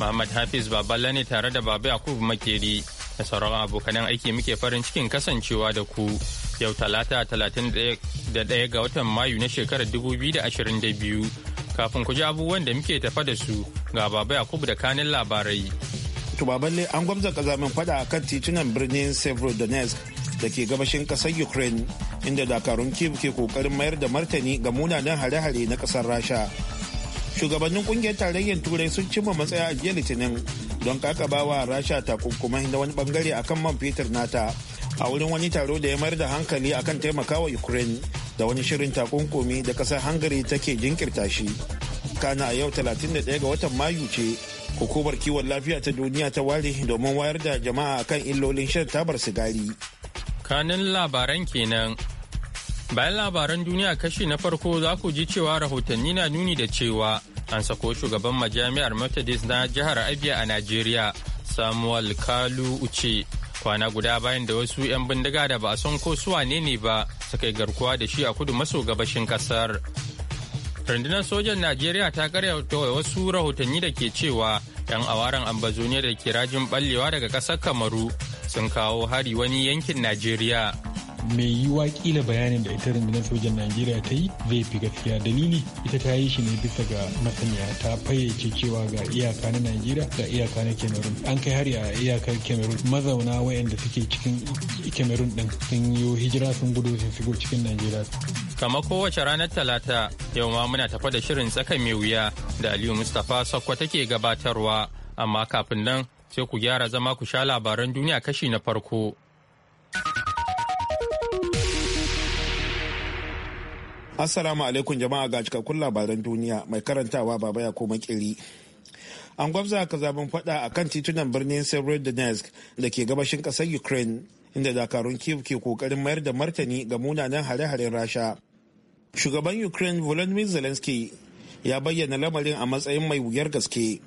Muhammad Hafiz Baballa ne tare da Baba yakub Makeri da sauran abokanan aiki muke farin cikin kasancewa da ku yau talata 31 ga watan Mayu na shekarar 2022 kafin ku ji abubuwan da muke tafa da su ga Baba yakub da kanin labarai. To Baballe an gwamza kazamin fada a kan titunan birnin Severodonetsk da ke gabashin ƙasar Ukraine inda dakarun Kiev ke kokarin mayar da martani ga munanan hare-hare na ƙasar Rasha. shugabannin kungiyar tarayyar turai sun cimma matsaya a jiya litinin don kakabawa rasha takunkumai na wani bangare akan man fetur nata a wurin wani taro da ya mayar da hankali akan taimakawa ukraine da wani shirin takunkumi da kasar hungary take jinkirta shi kana a yau 31 ga watan mayu ce hukumar kiwon lafiya ta duniya ta ware domin wayar da jama'a akan illolin shan tabar sigari kanin labaran kenan Bayan labaran duniya kashi na farko za ku ji cewa rahotanni na nuni da cewa an sako shugaban majami'ar Methodist na jihar Abia a Najeriya, Samuel Kalu Uche. Kwana guda bayan da wasu 'yan bindiga da ba a son ko su wane ne ba su kai garkuwa da shi a kudu maso gabashin kasar. Rundunar sojan Najeriya ta karyata wasu rahotanni da ke cewa 'yan awaran ambazoniya da ke rajin ballewa daga ƙasar Kamaru sun kawo hari wani yankin Najeriya. mai yiwa kila bayanin da ita rundunar sojan najeriya ta yi zai fi gaskiya dalili ita ta yi shi ne bisa ga masaniya ta fayyace cewa ga iyaka na najeriya da iyaka na cameroon an kai har a iyakar cameroon mazauna wayanda suke cikin cameroon din sun yi hijira sun gudu sun shigo cikin najeriya kama kowace ranar talata yau ma muna tafa da shirin tsaka mai wuya da aliyu mustapha sakwa take gabatarwa amma kafin nan sai ku gyara zama ku sha labaran duniya kashi na farko. Assalamu alaikum jama'a ga cikakkun labaran duniya mai karantawa baba ya koma kiri. An gwabza ka zaben faɗa a kan titunan birnin Severodonetsk da ke gabashin ƙasar Ukraine inda dakarun Kiev ke kokarin mayar da martani ga munanan hare-haren Rasha. Shugaban Ukraine Volodymyr Zelensky ya bayyana lamarin a matsayin mai wuyar gaske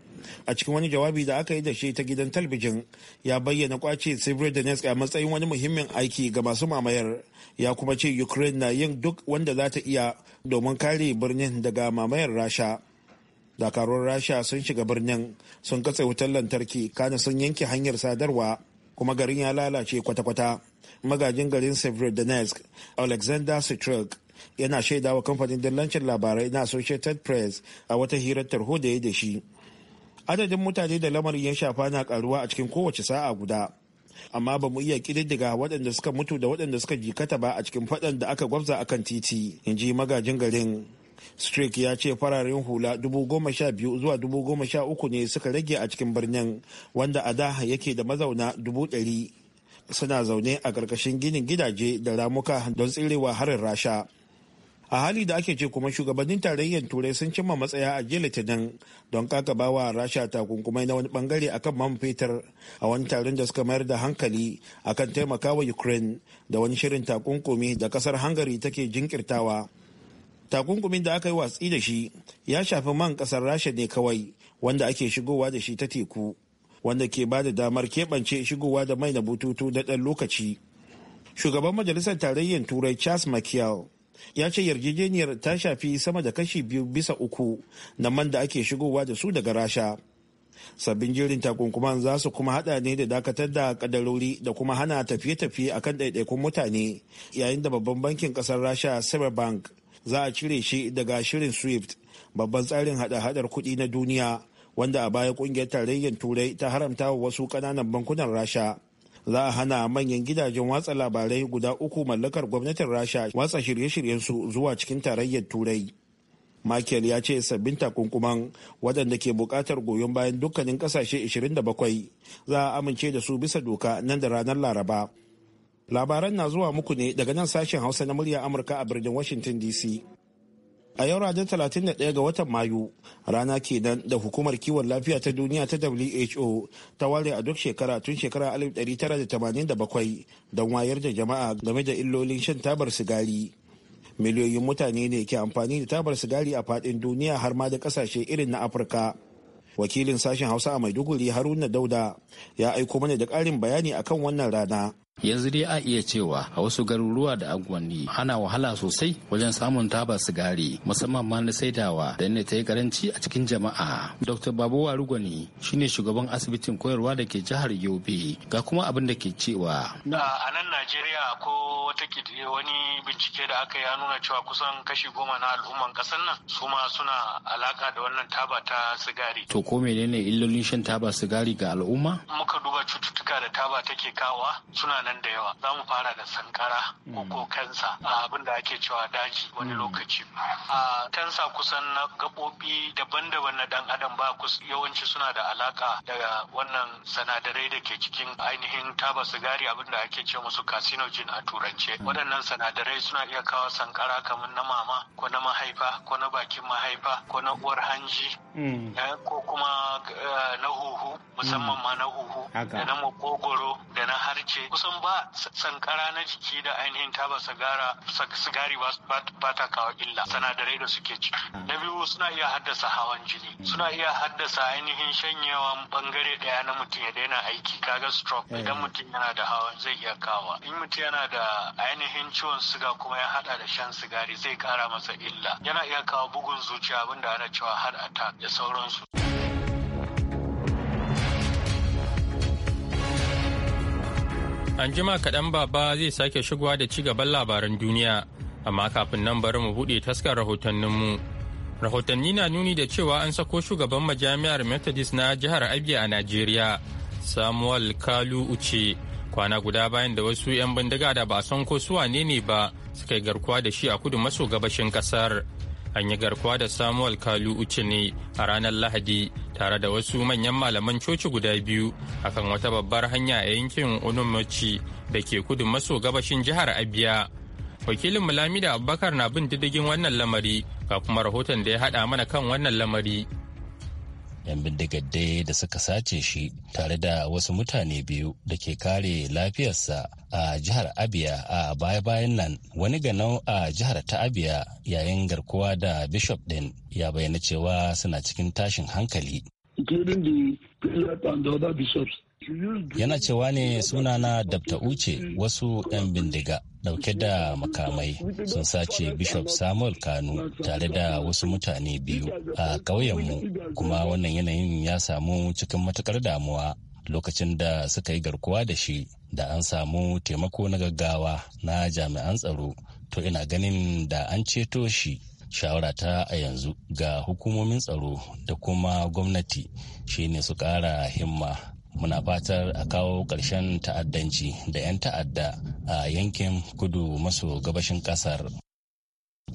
a cikin wani jawabi da aka yi da shi ta gidan talbijin ya bayyana kwace Severodonetsk a matsayin wani muhimmin aiki ga masu mamayar ya kuma ce Ukraine na yin duk wanda za ta iya domin kare birnin daga mamayar Rasha. Dakarun Rasha sun shiga birnin sun katse wutar lantarki kana sun yanke hanyar sadarwa kuma garin ya lalace kwata-kwata. Magajin garin Severodonetsk Alexander Sitruk yana shaidawa kamfanin dillancin labarai na Associated Press a wata hirar tarho da ya da shi. adadin mutane da lamarin ya shafa na karuwa a cikin kowace sa'a guda amma ba mu iya kididdiga waɗanda suka mutu da waɗanda suka jikata ba a cikin faɗan da aka gwabza akan titi in ji magajin garin Strick ya ce fararen hula dubu goma sha biyu zuwa dubu goma sha uku ne suka rage a cikin birnin wanda a da yake da mazauna dubu ɗari suna zaune a ƙarƙashin ginin gidaje da ramuka don tsirewa harin rasha a hali da ake ce kuma shugabannin tarayyar turai sun cimma matsaya a jiya litinin don kaka bawa rasha takunkumai na wani bangare akan man fetur a wani taron da suka mayar da hankali akan taimakawa ukraine da wani shirin takunkumi da kasar hungary take jinkirtawa takunkumin da aka yi watsi da shi ya shafi man kasar rasha ne kawai wanda ake shigowa da shi ta teku wanda ke ba da damar keɓance shigowa da mai na bututu na ɗan lokaci shugaban majalisar tarayyar turai charles mckiel ya ce yarjejeniyar ta shafi sama da kashi biyu bisa uku na man da ake shigowa da su daga rasha sabbin jirin takunkuman za su kuma hada ne da dakatar da kadarori da kuma hana tafiye-tafiye a kan ɗaiɗaikun mutane yayin da babban bankin ƙasar rasha bank za a cire shi daga shirin swift babban tsarin hada-hadar kuɗi na duniya wanda a baya ƙungiyar tarayyar turai ta haramta wa wasu ƙananan bankunan rasha za a hana manyan gidajen watsa labarai guda uku mallakar gwamnatin rasha watsa shirye shiryen su zuwa cikin tarayyar turai Michael ya ce sabbin takunkuman waɗanda ke buƙatar goyon bayan dukkanin ƙasashe 27 za a amince da su bisa doka nan da ranar Laraba. Labaran na zuwa muku ne daga nan sashen Hausa na murya Amurka a birnin Washington DC. a yau ranar 31 ga watan mayu rana kenan da hukumar kiwon lafiya ta duniya ta who ta ware a duk shekara tun shekara 1987 don wayar da jama'a game da illolin shan tabar sigari miliyoyin mutane ne ke amfani da tabar sigari a fadin duniya har ma da kasashe irin na afirka wakilin sashen hausa a maiduguri haruna dauda ya aiko mana da ƙarin bayani akan wannan rana yanzu dai a iya cewa a wasu garuruwa da agwanni ana wahala sosai wajen samun taba sigari musamman ma na saidawa da ne ta yi karanci a cikin jama'a dr babu warugwani shine shugaban asibitin koyarwa da ke jihar yobe ga kuma abin da ke cewa a nan najeriya ko wata wani bincike da aka ya nuna cewa kusan kashi goma na al'umman kasar nan su ma suna alaka da wannan taba ta sigari to ko menene illolin shan taba sigari ga al'umma muka duba cututtuka da taba take kawa suna nan da yawa za mu fara da sankara ko ko mm. kansa abin da ake cewa daji wani mm. lokaci a kansa kusan na gaɓoɓi daban-daban na ɗan adam ba yawanci suna da alaka daga wannan sanadarai da ke cikin ainihin taba sigari abin da ake ce musu carcinogen a turance mm. waɗannan sanadarai suna iya kawo sankara kamar na mama ko na mahaifa ko na bakin mahaifa ko na uwar hanji Mm. Eh, ko kuma eh, na huhu musamman ma na huhu da na makogoro da na harce kusan ba sankara na jiki da ainihin taba sigari ba ta kawo illa sanadarai da suke ci ah. na biyu suna iya haddasa hawan jini suna iya haddasa ainihin shanyewan bangare daya na mutum ya daina aiki kaga stroke eh. idan mutum yana da hawan zai iya kawo. in mutum yana da ainihin ciwon siga kuma ya hada da shan sigari zai kara masa illa yana iya kawo bugun zuciya abinda ana cewa heart attack da sauransu. An jima kaɗan baba zai sake shigowa da ci gaban labaran duniya, amma kafin nan bari mu buɗe taskar mu Rahotanni na nuni da cewa an sako shugaban majami'ar Methodist na jihar Abia a Najeriya, Samuel Kalu Uche, kwana guda bayan da wasu 'yan bindiga da ba san ko su ne ba suka yi garkuwa da shi a kudu maso gabashin kasar. an yi garkuwa da samuel kalu uce ne a ranar lahadi tare da wasu manyan malaman coci guda biyu akan wata babbar hanya a yankin onumachi da ke kudu maso gabashin jihar abiya wakilin da abubakar na bin diddigin wannan lamari ga kuma rahoton da ya haɗa mana kan wannan lamari 'yan bindigar dai da suka sace shi tare da wasu mutane biyu da ke kare lafiyarsa a jihar abia a baya-bayan nan wani ganau a jihar ta abia yayin garkuwa da bishop din ya bayyana cewa suna cikin tashin hankali Yana cewa ne sunana Dabta Uce wasu 'yan bindiga dauke da makamai sun sace Bishop Samuel Kanu tare da wasu mutane biyu a ƙauyenmu kuma wannan yanayin ya samu cikin matukar damuwa lokacin da suka yi garkuwa da shi da an samu taimako na gaggawa na jami'an tsaro to ina ganin da an ceto shi shawara ta a yanzu ga hukumomin tsaro da kuma gwamnati shine su ƙara himma muna fatar a kawo ƙarshen ta'addanci da 'yan ta'adda a yankin kudu maso gabashin ƙasar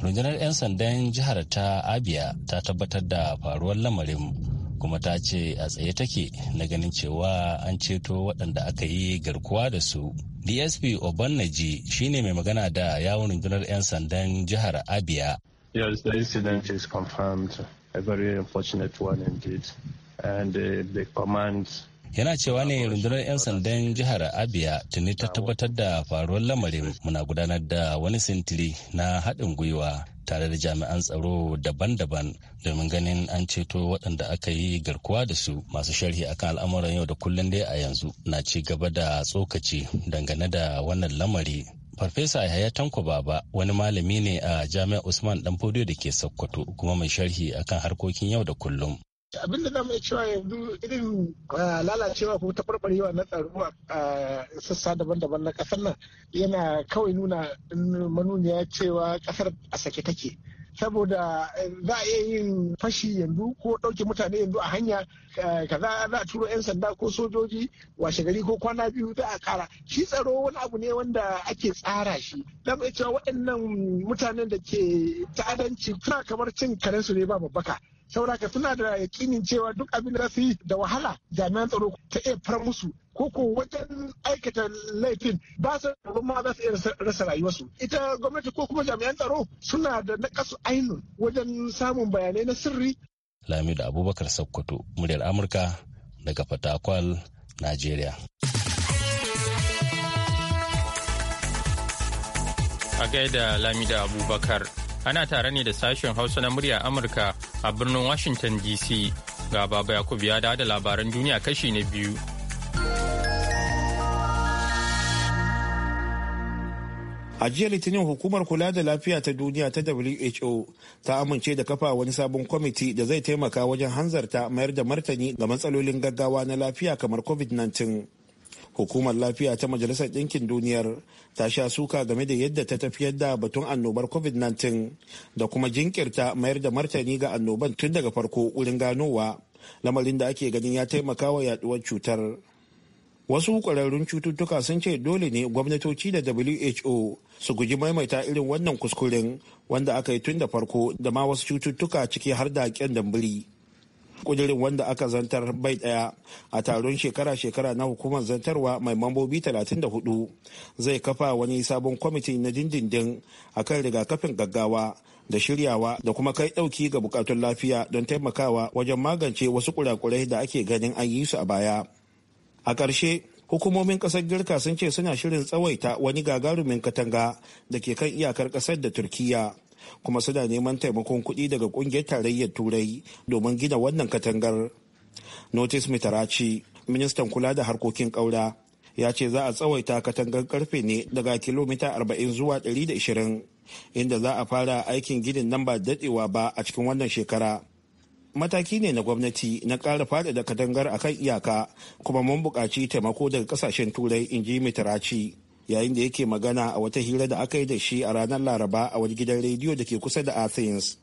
rundunar 'yan sandan jihar ta abia ta tabbatar da faruwar lamarin kuma ta ce a tsaye take na ganin cewa an ceto waɗanda aka yi garkuwa da su dsp obanaji shine mai magana da yawon rundunar 'yan sandan jihar abia yes the incident is confirmed a very unfortunate one indeed and uh, command yana cewa ne rundunar 'yan sandan jihar abia tuni ta tabbatar da faruwar lamarin muna gudanar da wani sintiri na haɗin gwiwa tare da jami'an tsaro daban-daban domin ganin an ceto waɗanda aka yi garkuwa da su masu sharhi akan al'amuran yau da kullum dai a yanzu na ci gaba da tsokaci dangane da wannan lamari Farfesa Yahaya Tanko Baba wani malami ne a Jami'ar Usman Danfodiyo da ke Sokoto kuma mai sharhi akan harkokin yau da kullum. abin da zamu cewa yanzu irin ah, lalacewa ko taɓarɓarewa na tsaro a sassa daban-daban na kasar nan yana kawai nuna manuniya cewa kasar a sake take saboda eh, za a iya yin fashi yanzu ko ɗauke mutane yanzu a hanya eh, ka za a turo 'yan sanda ko sojoji washe gari ko kwana biyu za a kara shi tsaro wani abu ne wanda ake tsara shi zama cewa waɗannan mutanen da ke ta'adanci suna kamar cin karensu ne ba babbaka saboda suna da yakinin cewa duk abin da su yi da wahala jami'an tsaro ta iya far musu ko ko wajen aikata laifin ba su tsoron ma za su iya rasa rayuwarsu ita gwamnati ko kuma jami'an tsaro suna da nakasu ainun wajen samun bayanai na sirri lamidu abubakar sokoto muryar amurka daga fatakwal najeriya a gaida lamida abubakar ana tare ne da sashen hausa na murya amurka a birnin washington dc ga baba yakubu ya da labaran duniya kashi na biyu a jiya litinin hukumar kula da lafiya ta duniya ta who ta amince da kafa wani sabon kwamiti da zai taimaka wajen hanzarta mayar da martani ga matsalolin gaggawa na lafiya kamar covid-19 hukumar lafiya ta majalisar ɗinkin duniyar ta sha suka game da yadda ta tafiyar da batun annobar covid-19 da kuma jinkirta mayar da martani ga annoban tun daga farko wurin ganowa lamarin da ake ganin ya taimaka wa yaduwar cutar wasu ƙwararrun cututtuka sun ce dole ne gwamnatoci da who su guji maimaita irin wannan kuskuren wanda aka yi tun da farko da ma wasu cututtuka ciki har da ƙyan dambili. kudirin wanda aka zantar bai daya a taron shekara-shekara na hukumar zantarwa mai mambobi 34 zai kafa wani sabon kwamiti na dindindin a kan rigakafin gaggawa da shiryawa da kuma kai dauki ga bukatun lafiya don taimakawa wajen magance wasu kurakurai da ake ganin an yi su a baya a ƙarshe hukumomin ƙasar girka sun ce suna shirin tsawaita wani gagarumin katanga da ke kan iyakar ƙasar da turkiya kuma suna neman taimakon kuɗi daga ƙungiyar tarayyar turai domin gina wannan katangar notis mitaraci ministan kula da harkokin ƙaura ya ce za a tsawaita katangar karfe ne daga kilomita 40 zuwa 120 inda za a fara aikin ginin nan ba daɗewa ba a cikin wannan shekara mataki ne na gwamnati na ƙara faɗaɗa katangar akan iyaka kuma mun buƙaci taimako daga ƙasashen turai in ji mitaraci yayin da yake magana a wata hira da aka yi da shi a ranar laraba a wani gidan rediyo da ke kusa da athens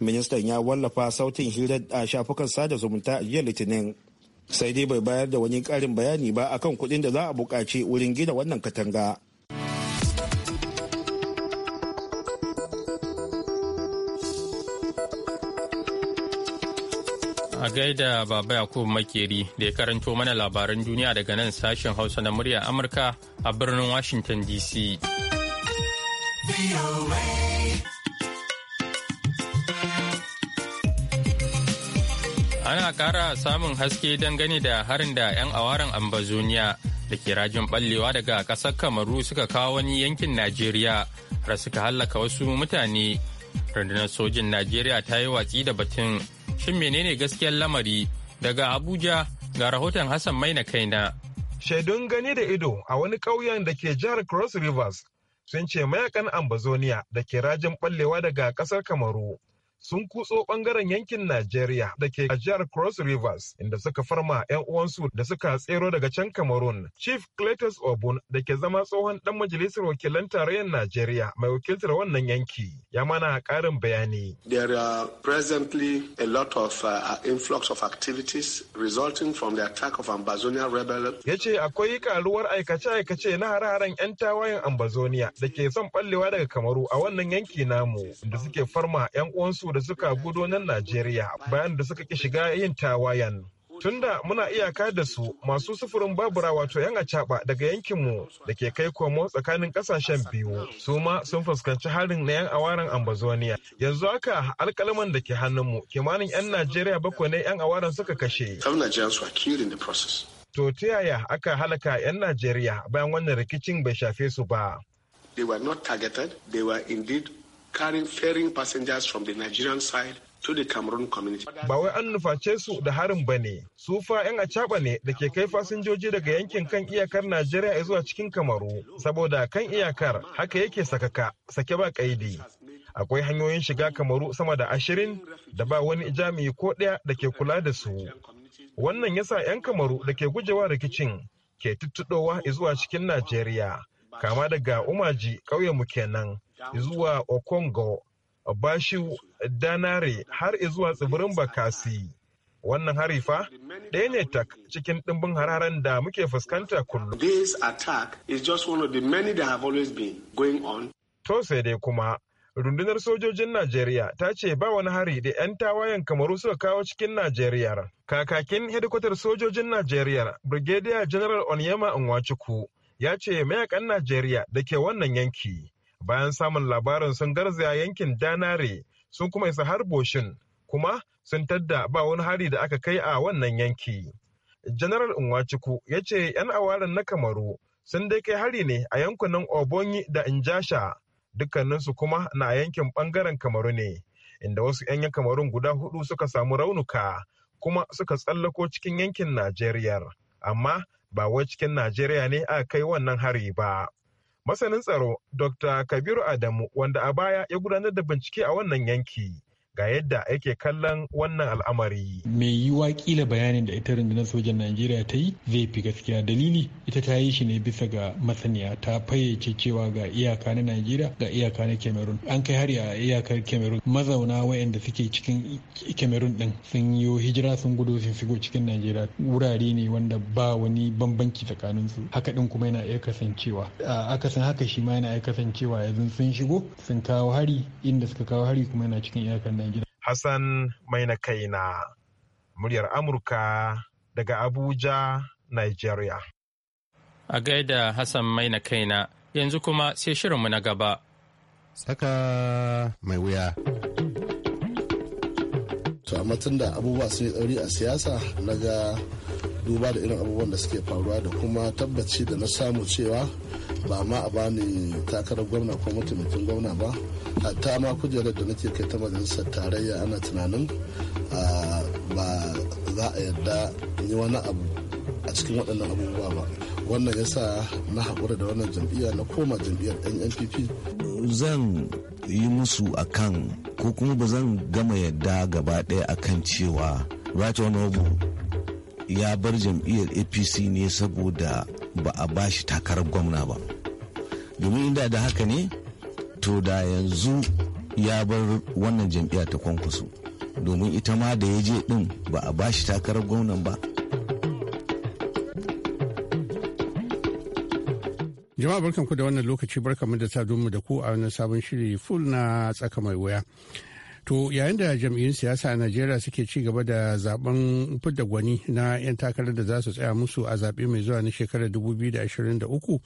ministan ya wallafa sautin hirar a shafukan sada zumunta a jiya litinin sai dai bai bayar da wani karin bayani ba akan kuɗin da za a buƙaci wurin gina wannan katanga a gaida baba yakubu makeri da ya karanto mana labaran duniya daga nan sashen hausa na murya amurka a birnin Washington DC. Ana kara samun haske dangane da harin da 'yan awaren ambazoniya da ke rajin ɓallewa daga ƙasar Kamaru suka kawo wani yankin Najeriya har suka hallaka wasu mutane. Rundunar sojin Najeriya ta yi watsi da batun shin menene gaskiyar lamari daga Abuja ga rahoton Hassan Maina kaina. Shaidun gani da ido a wani ƙauyen da ke jihar Cross Rivers sun ce mayakan Ambazonia da ke rajin ɓallewa daga ƙasar Kamaru sun kutso bangaren yankin Najeriya da ke a jihar Cross Rivers inda suka farma 'yan uwansu da suka tsero daga can Cameroon. Chief Cletus Obun da ke zama tsohon dan majalisar wakilan tarayyar Najeriya mai wakiltar wannan yanki ya mana karin bayani. There are presently a lot of uh, uh, influx of activities resulting from the attack of Ambazonia rebel. Ya ce akwai karuwar aikace-aikace na hare-haren 'yan tawayen Ambazonia da ke son ballewa daga Kamaru a wannan yanki namu da suke farma 'yan uwansu da suka gudo nan Najeriya bayan da suka ki shiga yin tawayan. Tunda muna iyaka da su masu sufurin babura wato yan acaba daga yankinmu da ke kai komo tsakanin kasashen biyu su ma sun fuskanci harin na yan awaran ambazoniya yanzu haka alkalaman da ke hannunmu kimanin yan najeriya bakwai ne yan awaran suka kashe to ta yaya aka halaka yan najeriya bayan wannan rikicin bai shafe su ba They were not targeted, they were indeed carrying ferrying passengers from the Nigerian side to the Cameroon community. Ba wai an nufance su da harin ba ne, su fa 'yan acaɓa ne da ke kai fasinjoji daga yankin kan iyakar Najeriya zuwa cikin Kamaru, saboda kan iyakar haka yake sakaka, sake ba kaidi. Akwai hanyoyin shiga Kamaru sama da ashirin da ba wani jami'i ko ɗaya da ke kula da su. Wannan ya sa 'yan Kamaru da ke gujewa rikicin ke tuttuɗowa zuwa cikin Najeriya, kama daga Umaji ƙauyenmu kenan. zuwa Okongo, bashi Danare har zuwa tsibirin Bakasi. Wannan harifa ɗaya ne tak cikin ɗimbin hararen da muke fuskanta kullum. This attack is just one of the many that have always been going on. To sai dai kuma rundunar sojojin Najeriya ta ce ba wani hari da 'yan tawayen kamaru suka kawo cikin Najeriya. Kakakin hedikwatar sojojin Najeriya, Brigadier General Onyema Nwachukwu, ya ce mayakan Najeriya da ke wannan yanki bayan samun labarin sun garzaya yankin danare sun kuma isa har kuma sun tadda ba wani hari da aka kai a wannan yanki general Nwachukwu ya ce 'yan awarin na kamaru sun dai kai hari ne a yankunan obonyi da injasha dukkaninsu kuma na yankin bangaren kamaru ne inda wasu 'yan kamarun guda hudu suka samu raunuka kuma suka tsallako cikin yankin najeriya amma ba wai cikin najeriya ne aka kai wannan hari ba Masanin tsaro Dr. Kabiru Adamu wanda a baya ya gudanar da bincike a wannan yanki ga yadda ake kallon wannan al'amari. Mai yi kila bayanin da ita rundunar sojan Najeriya ta yi zai fi gaskiya dalili ita ta yi shi ne bisa ga masaniya ta fayyace cewa ga iyaka na Najeriya ga iyaka na Cameroon. An kai hari a iyakar Cameroon mazauna waɗanda suke cikin Cameroon din sun yi hijira sun gudu sun shigo cikin Najeriya wurare ne wanda ba wani bambanci tsakanin su. Haka din kuma yana iya kasancewa. Akasin haka shi ma yana iya kasancewa yanzu sun shigo sun kawo hari inda suka kawo hari kuma yana cikin iyakar Hassan Maina na muryar Amurka daga Abuja, Nigeria. A gaida Hassan Maina na yanzu kuma sai shirinmu na gaba. Saka mai wuya. To, amma da abubuwa sun yi tsauri a siyasa na ga duba da irin abubuwan da suke faruwa da kuma tabbaci da na samu cewa ba ma a bani takarar gwamna ko mataimakin gwamna ba hatta ma kujerar da nake kai ta majalisar tarayya ana tunanin ba za a yarda yi wani abu a cikin waɗannan abubuwa ba wannan yasa na haƙura da wannan jam'iyya na koma jam'iyyar nnpp zan yi musu akan ko kuma ba zan gama yadda gaba ɗaya akan cewa right ya bar jam'iyyar apc ne saboda ba a bashi takarar gwamna ba domin inda da haka ne to da yanzu ya bar wannan jam'iyya ta kwankwaso domin ita ma da ya je din ba a bashi takarar gwamnan ba jama'a barkanku da wannan lokaci barkanmu da saduwa da ku a wannan sabon shiri full na tsaka mai wuya To yayin da jam'iyyun siyasa a Najeriya suke ci gaba da zaben fidda gwani na 'yan takarar da za su tsaya musu a zaɓe mai zuwa na shekarar 2023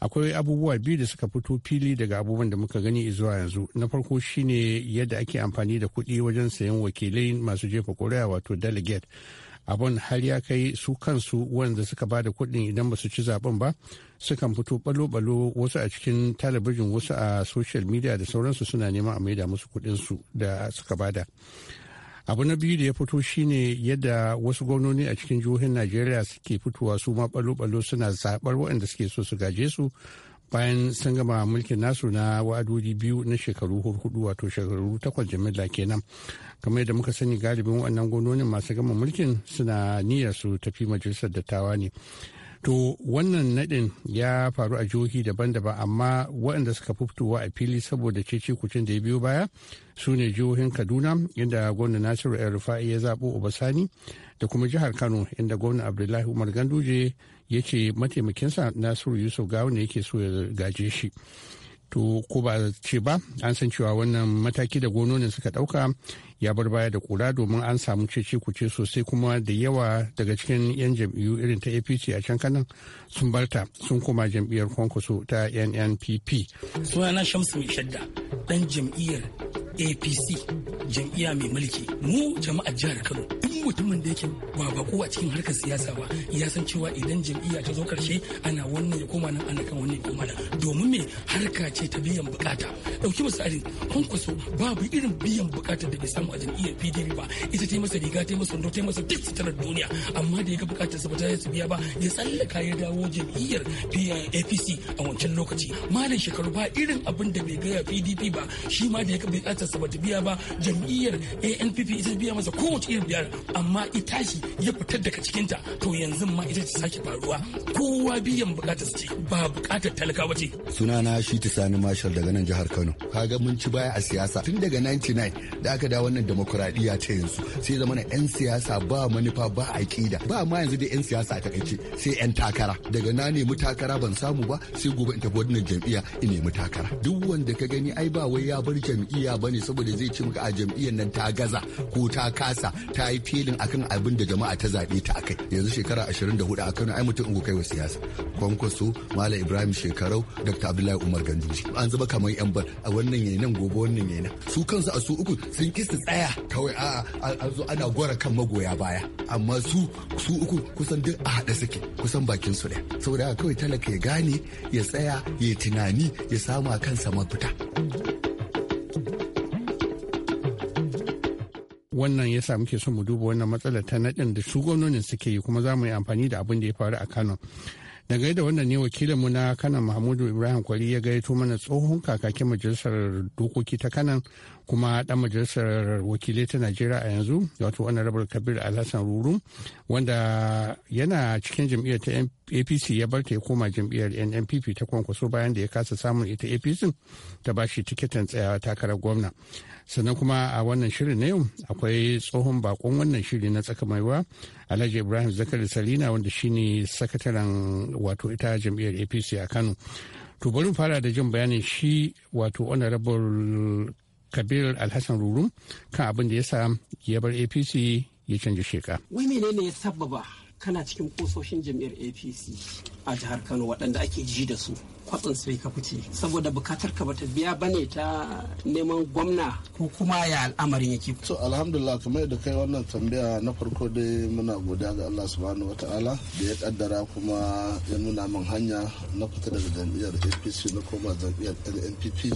akwai abubuwa biyu da suka fito fili daga abubuwan da muka gani zuwa yanzu na farko shine yadda ake amfani da kuɗi wajen sayan wakilai masu jefa ƙuri'a wato delegate abun har ya kai su kansu wanda suka ba da kuɗin idan ba su ci zaben ba sukan fito balo-balo wasu a cikin talabijin wasu a social media da sauransu suna neman a maida musu kuɗinsu da suka ba da abu na biyu da ya fito shine yadda wasu gwamnoni a cikin jihohin najeriya suke fitowa su ma balo-balo suna zaɓar waɗanda suke so su gaje su bayan sun gama mulkin nasu na wa'adodi biyu na shekaru hudu wato shekaru takwas jimilla kenan kamar yadda muka sani galibin waɗannan gononin masu gama mulkin suna niyyar su tafi majalisar dattawa ne to wannan nadin ya faru a jihohi daban-daban amma waɗanda suka fitowa a fili saboda cece kucin da ya biyo baya su ne jihohin kaduna inda gwamnan nasiru el rufa'i ya zaɓo obasani da kuma jihar kano inda gwamnan abdullahi umar ganduje ya ce mataimakinsa nasiru yusuf gawun ne yake so ya gaje shi to ko ba ce ba an san cewa wannan mataki da gononin suka dauka ya bar baya da kura domin an samu cece kuce sosai kuma da yawa daga cikin yan jam'iyyu irin ta apc a can kanan sun barta sun koma jam'iyyar kwankwaso ta nnpp sunana shamsu mai shadda dan jam'iyyar apc jam'iyya mai mulki mu jama'ar jihar kano duk mutumin da yake ba bako a cikin harkar siyasa ba ya san cewa idan jam'iyya ta zo karshe ana wannan ya koma nan ana kan wannan koma nan domin me harka ce ta biyan bukata dauki misalin kwankwaso babu irin biyan bukata da bai samu a jam'iyyar pdp ba ita ta yi masa riga ta yi masa ndo ta yi masa duk sitarar duniya amma da ya ga bukatar sa ba ta yi biya ba ya tsallaka ya dawo jam'iyyar apc a wancan lokaci malam shekaru ba irin abin da bai gaya pdp ba shi ma da ya ga bukatar ba bata biya ba jam'iyyar ANPP ita biya masa kowace irin biyar amma ita shi ya fitar daga cikinta to yanzu ma ita ta sake faruwa kowa biyan bukatar ce ba bukatar talakawa ce. Suna na shi ta sani Marshall daga nan jihar Kano. Ka ga mun ci baya a siyasa tun daga 99 da aka da wannan demokuraɗiyya ta yanzu sai zama na 'yan siyasa ba manufa ba aƙida ba ma yanzu da 'yan siyasa a takaice sai 'yan takara daga na nemi takara ban samu ba sai gobe in tafi wannan jam'iyya in nemi takara duk wanda ka gani ai ba wai ya bar jam'iyya bane ne saboda zai ce maka a jam'iyyar nan ta gaza ko ta kasa ta yi filin akan abin da jama'a ta zaɓe ta a kai. yanzu shekara 24 a Kano ai mutum in kai wa siyasa kwankwaso Malam Ibrahim Shekarau Dr. Abdullahi Umar Ganduji an zuba kamar yan bar a wannan yayi nan gobe wannan yayi nan su kansu a su uku sun kisa tsaya kawai a an zo ana gwara kan magoya baya amma su su uku kusan duk a haɗe suke kusan bakin su ɗaya saboda haka kawai talaka ya gane ya tsaya ya tunani ya sama kansa mafita. wannan ya muke son mu duba wannan matsalar ta naɗin da su gwamnonin suke yi kuma za mu yi amfani da abin da ya faru a kano daga da wannan ne wakilinmu na kanan mahmudu ibrahim kwari ya gaito mana tsohon kakakin majalisar dokoki ta kanan kuma dan majalisar wakilai ta najeriya a yanzu wato honorable kabir alhassan ruru wanda yana cikin jam'iyyar ta apc ya bar ta ya koma jam'iyyar nnpp ta kwankwaso bayan da ya kasa samun ita apc ta ba shi tiketin tsayawa takarar gwamna sannan kuma a wannan shirin na yau akwai tsohon bakon wannan shiri na tsaka maiwa alhaji ibrahim zakari salina wanda shine sakataren wato ita jam'iyyar apc a kano to bari fara da jin bayanin shi wato honorable kabir alhassan rurum kan abin da ya sa ya bar apc ya canja sheka wai menene ya sababa kana cikin kusoshin jam'iyyar apc a jihar kano waɗanda ake ji da su kwatsan sai ka fice saboda bukatar ka bata biya bane ta neman gwamna ko kuma ya al'amarin yake to alhamdulillah kamar da kai wannan tambaya na farko dai muna godiya ga Allah subhanahu wataala da ya kaddara kuma ya nuna min hanya na fita daga jam'iyyar apc na koma jam'iyyar npp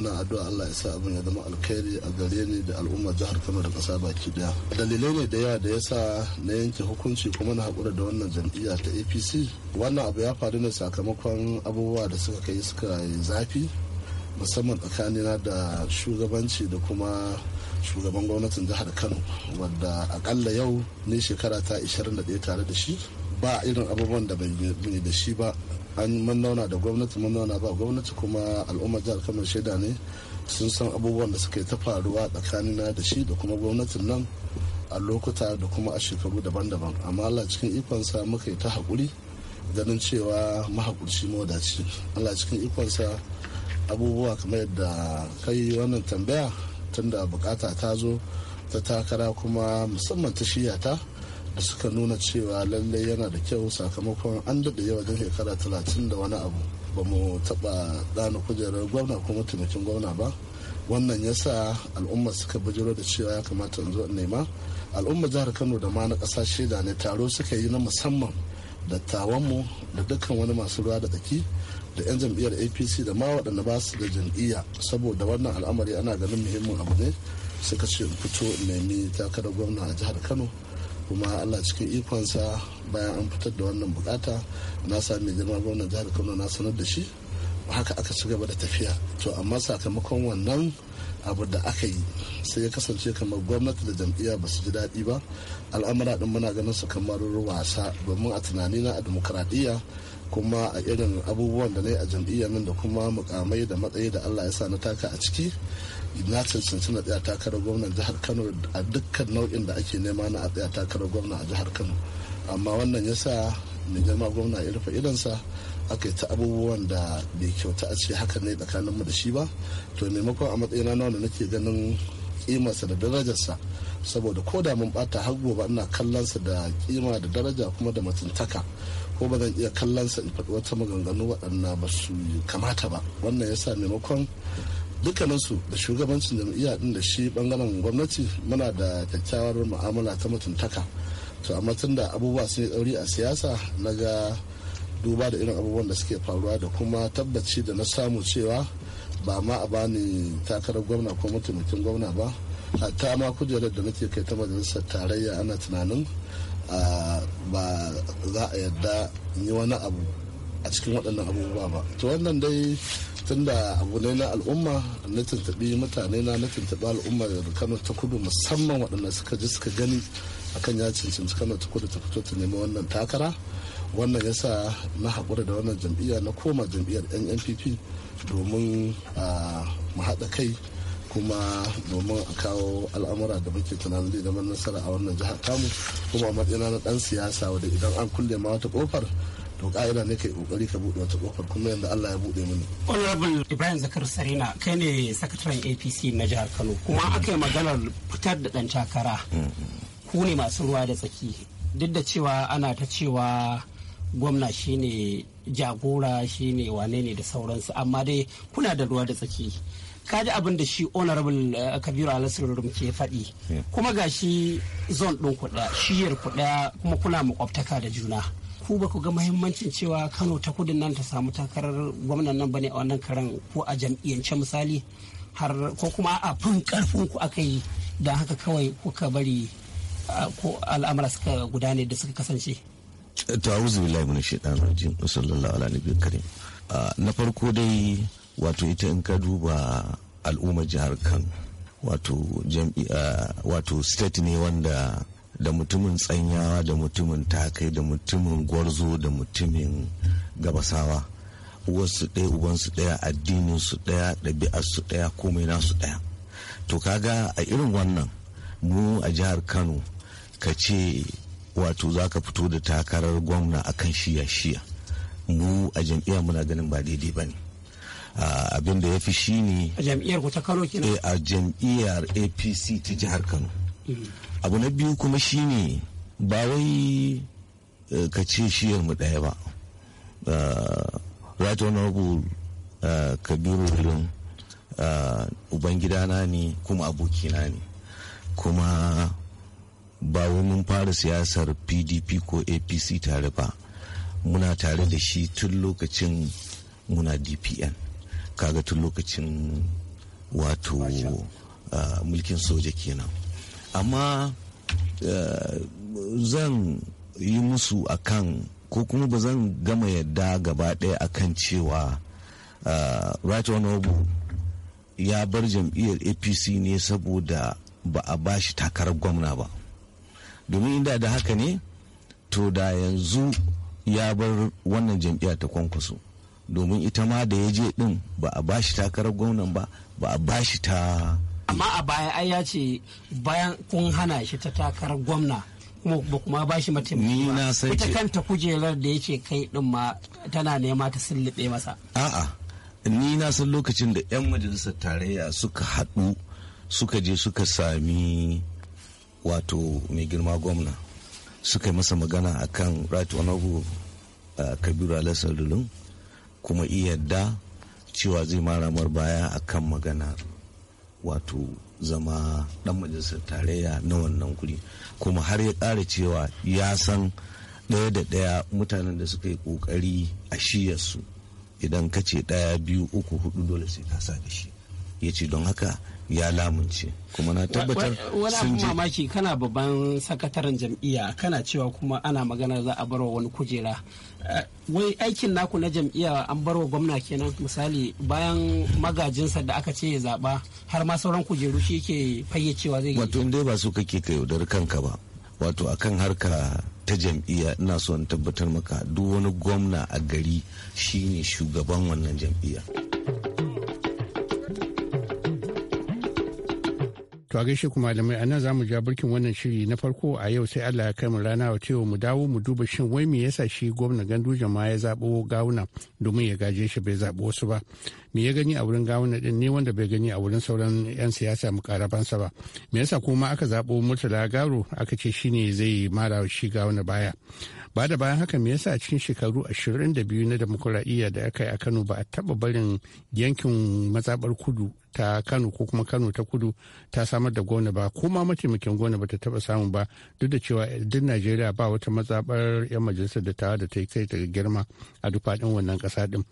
ina addu'a Allah ya sa abin ya zama alkhairi a gare ni da al'umma jihar Kano da kasa baki daya dalilai ne da ya da yasa na yanke hukunci kuma na haƙura da wannan jam'iyya ta APC wannan abu ya faru ne sakamakon abubuwa da suka kai suka yi zafi musamman tsakanina da shugabanci da kuma shugaban gwamnatin jihar kano wanda akalla yau ne shekara ta 21 tare da shi ba irin abubuwan da ban yi da shi ba an mannauna da gwamnati mannauna ba gwamnati kuma al'ummar jihar kano shaida ne sun san abubuwan da suke ta faruwa tsakanina da shi da kuma gwamnatin nan a lokuta da kuma a shekaru daban-daban amma allah cikin ikonsa muka yi ta haƙuri ganin cewa mahaƙurci mawadaci allah cikin ikonsa abubuwa kamar yadda kai wannan tambaya tunda bukata ta zo ta takara kuma musamman ta shiyata ta da suka nuna cewa lallai yana da kyau sakamakon an daɗe yawa wajen shekara talatin da wani abu ba mu taɓa ɗana kujerar gwamna ko mataimakin gwamna ba wannan ya sa al'umma suka bujiro da cewa ya kamata in zo in nema al'umma jihar kano da ma na ƙasa shaida ne taro suka yi na musamman dattawanmu da dukkan wani masu ruwa da tsaki da 'yan jam'iyyar apc da ma waɗanda ba su da jam'iyya saboda wannan al'amari ana ganin muhimmin abu ne suka ce in fito in nemi takarar gwamna a jihar kano kuma allah cikin ikonsa bayan an fitar da wannan bukata na sami girma gwamnan jihar kano na sanar da shi haka aka ci gaba da tafiya to amma sakamakon wannan abu da aka yi sai ya kasance kamar gwamnati da jam'iyya ba su ji daɗi ba al'amura ɗin muna ganin su kamar wasa domin a tunani na a demokaradiyya kuma a irin abubuwan da na yi a jam'iyya nan da kuma mukamai da matsayi da allah ya sa na taka a ciki na cancanci na tsaya takarar gwamnan jihar kano a dukkan nau'in da ake nema na a tsaya takarar gwamna a jihar kano amma wannan ya sa mai girma gwamna ya rufe idansa aka yi ta abubuwan da bai kyauta a ce haka ne tsakanin mu da shi ba to maimakon a matsayina na wanda nake ganin kimarsa da darajarsa saboda ko da mun bata har gobe ina kallonsa da kima da daraja kuma da mutuntaka ko ba zan iya kallonsa in faɗi wata maganganu waɗanda ba su kamata ba wannan yasa maimakon dukkaninsu da shugabancin jam'iyya din da shi bangaren gwamnati muna da kyakkyawar mu'amala ta mutuntaka to amma tun da abubuwa sun yi tsauri a siyasa na ga duba da irin abubuwan da suke faruwa da kuma tabbaci da na samu cewa ba ma a bani takarar gwamna ko mataimakin gwamna ba hatta ma kujerar da nake kai ta majalisar tarayya ana tunanin ah, ba za a yarda yi wani abu a cikin waɗannan abubuwa ba to wannan dai tunda abu ne na al'umma na tuntuɓi mutane na na tuntuɓi al'ummar kano ta kudu musamman waɗanda suka ji suka gani akan ya cancanci kano ta kudu ta fito ta nemi wannan takara wannan ya sa na haƙura da wannan jam'iyya na koma jam'iyyar nnpp domin mu haɗa kai kuma domin a kawo al'amura da muke tunanin zai zama nasara a wannan jihar tamu kuma a matsayina na dan siyasa wadda idan an kulle ma wata kofar to ka'ida ne kai kokari ka bude wata kofar kuma yanda Allah ya buɗe mini honorable Ibrahim Zakar Sarina kai ne sakataren APC na jihar Kano kuma mm-hmm. aka yi maganar fitar da dan takara mm-hmm. ku ne masu ruwa da tsaki duk da cewa ana ta cewa gwamna shine jagora shine wane ne da sauransu amma dai kuna da ruwa da tsaki ka ji abin da shi honorable eh, kabiru alasirurum ke faɗi kuma ga shi zon ɗin kuɗa shiyar kuɗa kuma kuna makwabtaka da juna ku ba ku ga mahimmancin cewa kano ta kudin nan ta samu takarar gwamnan nan bane a wannan karan ko a jam'iyyance misali har ko kuma a fin karfin ku aka yi don haka kawai kuka bari ko al'amura suka gudane da suka kasance ta'awuzu billahi min shaitan rajim sallallahu ala nabiyyi karim na farko dai wato ita in ka duba al'ummar jihar Kano wato jam'i wato state ne wanda da mutumin tsanyawa da mutumin takai da mutumin gwarzo da mutumin gabasawa wasu ɗaya ubansu ɗaya addininsu ɗaya su ɗaya komai nasu ɗaya to kaga a irin wannan mu a jihar kano ka ce wato za ka fito da takarar gwamna akan shiya shiya mu a jam'iyyar muna ganin ba daidai ba ne abin da ya fi shi ne a jam'iyyar ta kano kenan eh, a jam'iyyar apc ta jihar kano abu na biyu kuma shine ba wai eh, ka ce shiyar mu ɗaya ba right eh, honorable eh, kabiru hulun ubangidana ne kuma abokina ne kuma ba wai mun fara siyasar pdp ko apc tare ba muna tare da shi tun lokacin muna dpn kaga tun lokacin wato mulkin soja kenan amma eh, zan yi musu akan ko kuma ba zan gama yadda gaba ɗaya akan cewa eh, right honorable ya bar jam'iyyar apc ne saboda ba a ba shi takarar gwamna ba domin inda da haka ne to da yanzu ya bar wannan jam'iyya ta kwankwaso domin ita ma da ya je din ba a ba shi takarar gwamnan ba ba a ba shi ta amma a baya ai ya ce bayan kun hana shi ta takarar gwamna kuma ba kuma ba shi mataimaki ba ita kanta kujerar da yake kai din ma tana nema ta sullube masa a'a ni na san lokacin da 'yan majalisar tarayya suka haɗu suka je suka sami wato mai girma gwamna suka yi masa magana akan right honorable kabiru alasar kuma iya da cewa zai maramar baya akan magana. wato zama dan majalisar tarayya na wannan kuri kuma har ya ƙara cewa ya san ɗaya da ɗaya mutanen da suka yi ƙoƙari a shiyarsu idan ka ce ɗaya biyu uku hudu dole sai ka sa da shi ya ce don haka ya lamunce kuma na tabbatar sun je mamaki kana babban sakataren jam'iyya kana cewa kuma ana magana za a barwa wani kujera eh, wai aikin naku na jam'iyya an barwa gwamna kenan misali bayan magajinsa da aka ce ya zaba har ma sauran kujeru shi ke fayyacewa zai wato in dai ba su kake ka yaudar kanka ba wato akan harka ta jam'iyya ina so in tabbatar maka duk wani gwamna a gari shine shugaban wannan jam'iyya. To a gaishe kuma malamai a nan za mu ja burkin wannan shiri na farko a yau sai Allah ya kai mu rana wa cewa mu dawo mu duba shin wai me yasa shi gwamna Ganduje ma ya zabo gawuna domin ya gaje shi bai zabo wasu ba. Me ya gani a wurin gawuna din ne wanda bai gani a wurin sauran yan siyasa mu karabansa ba. Me yasa kuma aka zabo Murtala Garo aka ce shine zai mara shi gawuna baya. Ba da bayan haka me yasa cikin shekaru 22 na demokuraɗiyya da aka yi a Kano ba a taɓa barin yankin matsabar kudu ta kano ko kuma kano ta kudu ta samar da gona ba ko ma mataimakin gona ba ta taba samu ba duk da cewa duk najeriya ba wata matsabar yan majalisar da tawa da ta kai daga girma a duk faɗin wannan ƙasa ɗin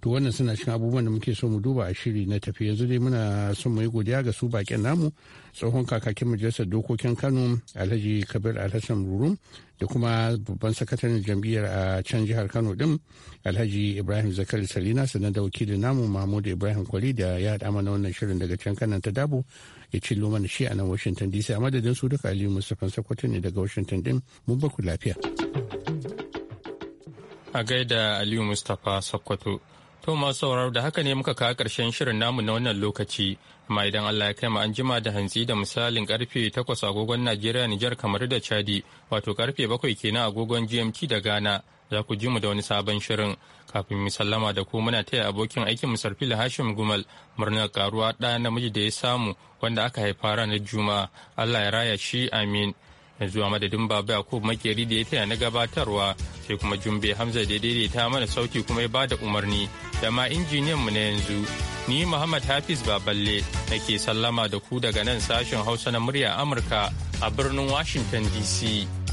to wannan suna cikin abubuwan da muke so mu duba a shiri na tafi yanzu dai muna son mu yi godiya ga su baƙin namu tsohon kakakin majalisar dokokin kano alhaji kabir alhassan rurum da kuma babban sakataren jam'iyyar a can jihar kano din alhaji ibrahim zakari salina sannan da wakilin namu mahmud ibrahim kwari da ya haɗa mana wannan shirin daga can kanan ta dabo ya cillo mana shi a nan washington dc a madadin su duka aliyu mustapha sakwato ne daga washington din mun baku lafiya a gaida aliyu mustapha sakwato To masu sauraro da haka ne muka kawo ƙarshen shirin namu na wannan lokaci, amma idan Allah ya kai mu an jima da hantsi da misalin karfe 8 agogon Najeriya Nijar kamar da Chadi, wato karfe 7 kenan agogon GMT da Ghana. Za ku ji mu da wani sabon shirin kafin mu sallama da ku muna taya abokin aikin mu Sarfil Hashim Gumal murnar karuwa ɗaya namiji da ya samu wanda aka haifa ranar Juma'a. Allah ya raya shi amin. yanzu a madadin baba yakub makeri da ya taya na gabatarwa sai kuma jumbe hamza da daidaita mana sauki kuma ya bada umarni da ma injiniyan mu na yanzu ni muhammad hafiz baballe nake sallama da ku daga nan sashen hausa na murya amurka a birnin washington dc